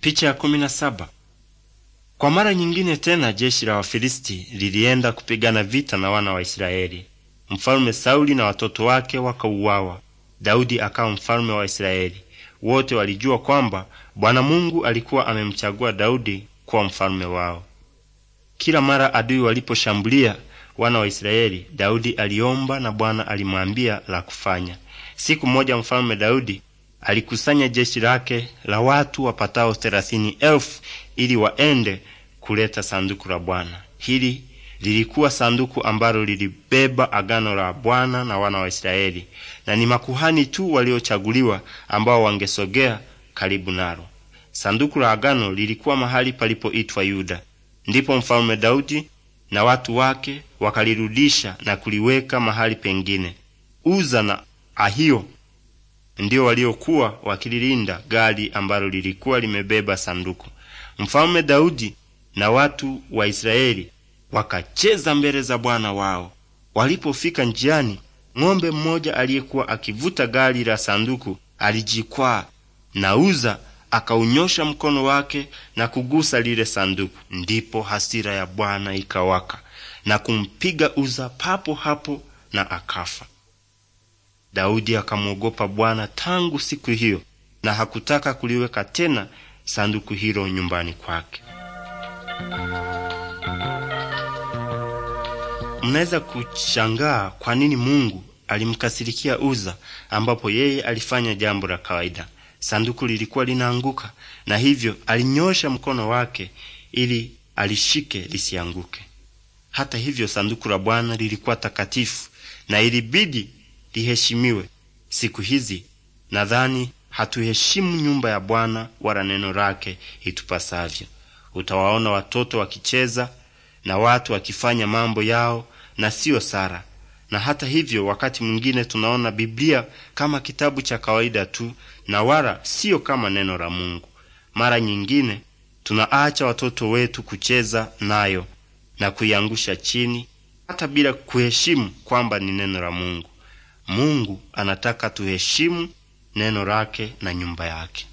Picha ya kumi na saba. Kwa mara nyingine tena jeshi la Wafilisti lilienda kupigana vita na wana wa Israeli. Mfalme Sauli na watoto wake wakauawa. Daudi akawa mfalme wa Israeli. Wote walijua kwamba Bwana Mungu alikuwa amemchagua Daudi kuwa mfalme wao. Kila mara adui waliposhambulia wana wa Israeli, Daudi aliomba na Bwana alimwambia la kufanya. Siku moja Mfalme Daudi alikusanya jeshi lake la watu wapatao thelathini elfu ili waende kuleta sanduku la Bwana. Hili lilikuwa sanduku ambalo lilibeba agano la Bwana na wana wa Israeli, na ni makuhani tu waliochaguliwa ambao wangesogea karibu nalo. Sanduku la agano lilikuwa mahali palipoitwa Yuda. Ndipo mfalme Daudi na watu wake wakalirudisha na kuliweka mahali pengine. Uza na Ahio ndio waliokuwa wakililinda gari ambalo lilikuwa limebeba sanduku. Mfalme Daudi na watu wa Israeli wakacheza mbele za Bwana wao. Walipofika njiani, ng'ombe mmoja aliyekuwa akivuta gari la sanduku alijikwaa na uza akaunyosha mkono wake na kugusa lile sanduku. Ndipo hasira ya Bwana ikawaka na kumpiga uza papo hapo na akafa. Daudi akamwogopa Bwana tangu siku hiyo na hakutaka kuliweka tena sanduku hilo nyumbani kwake. Mnaweza kushangaa kwa nini Mungu alimkasirikia Uza ambapo yeye alifanya jambo la kawaida. Sanduku lilikuwa linaanguka, na hivyo alinyosha mkono wake ili alishike lisianguke. Hata hivyo, sanduku la Bwana lilikuwa takatifu na ilibidi iheshimiwe. Siku hizi nadhani hatuheshimu nyumba ya Bwana wala neno lake itupasavyo. Utawaona watoto wakicheza na watu wakifanya mambo yao na siyo Sara. Na hata hivyo, wakati mwingine tunaona Biblia kama kitabu cha kawaida tu na wala siyo kama neno la Mungu. Mara nyingine tunaacha watoto wetu kucheza nayo na kuiangusha chini hata bila kuheshimu kwamba ni neno la Mungu. Mungu anataka tuheshimu neno lake na nyumba yake.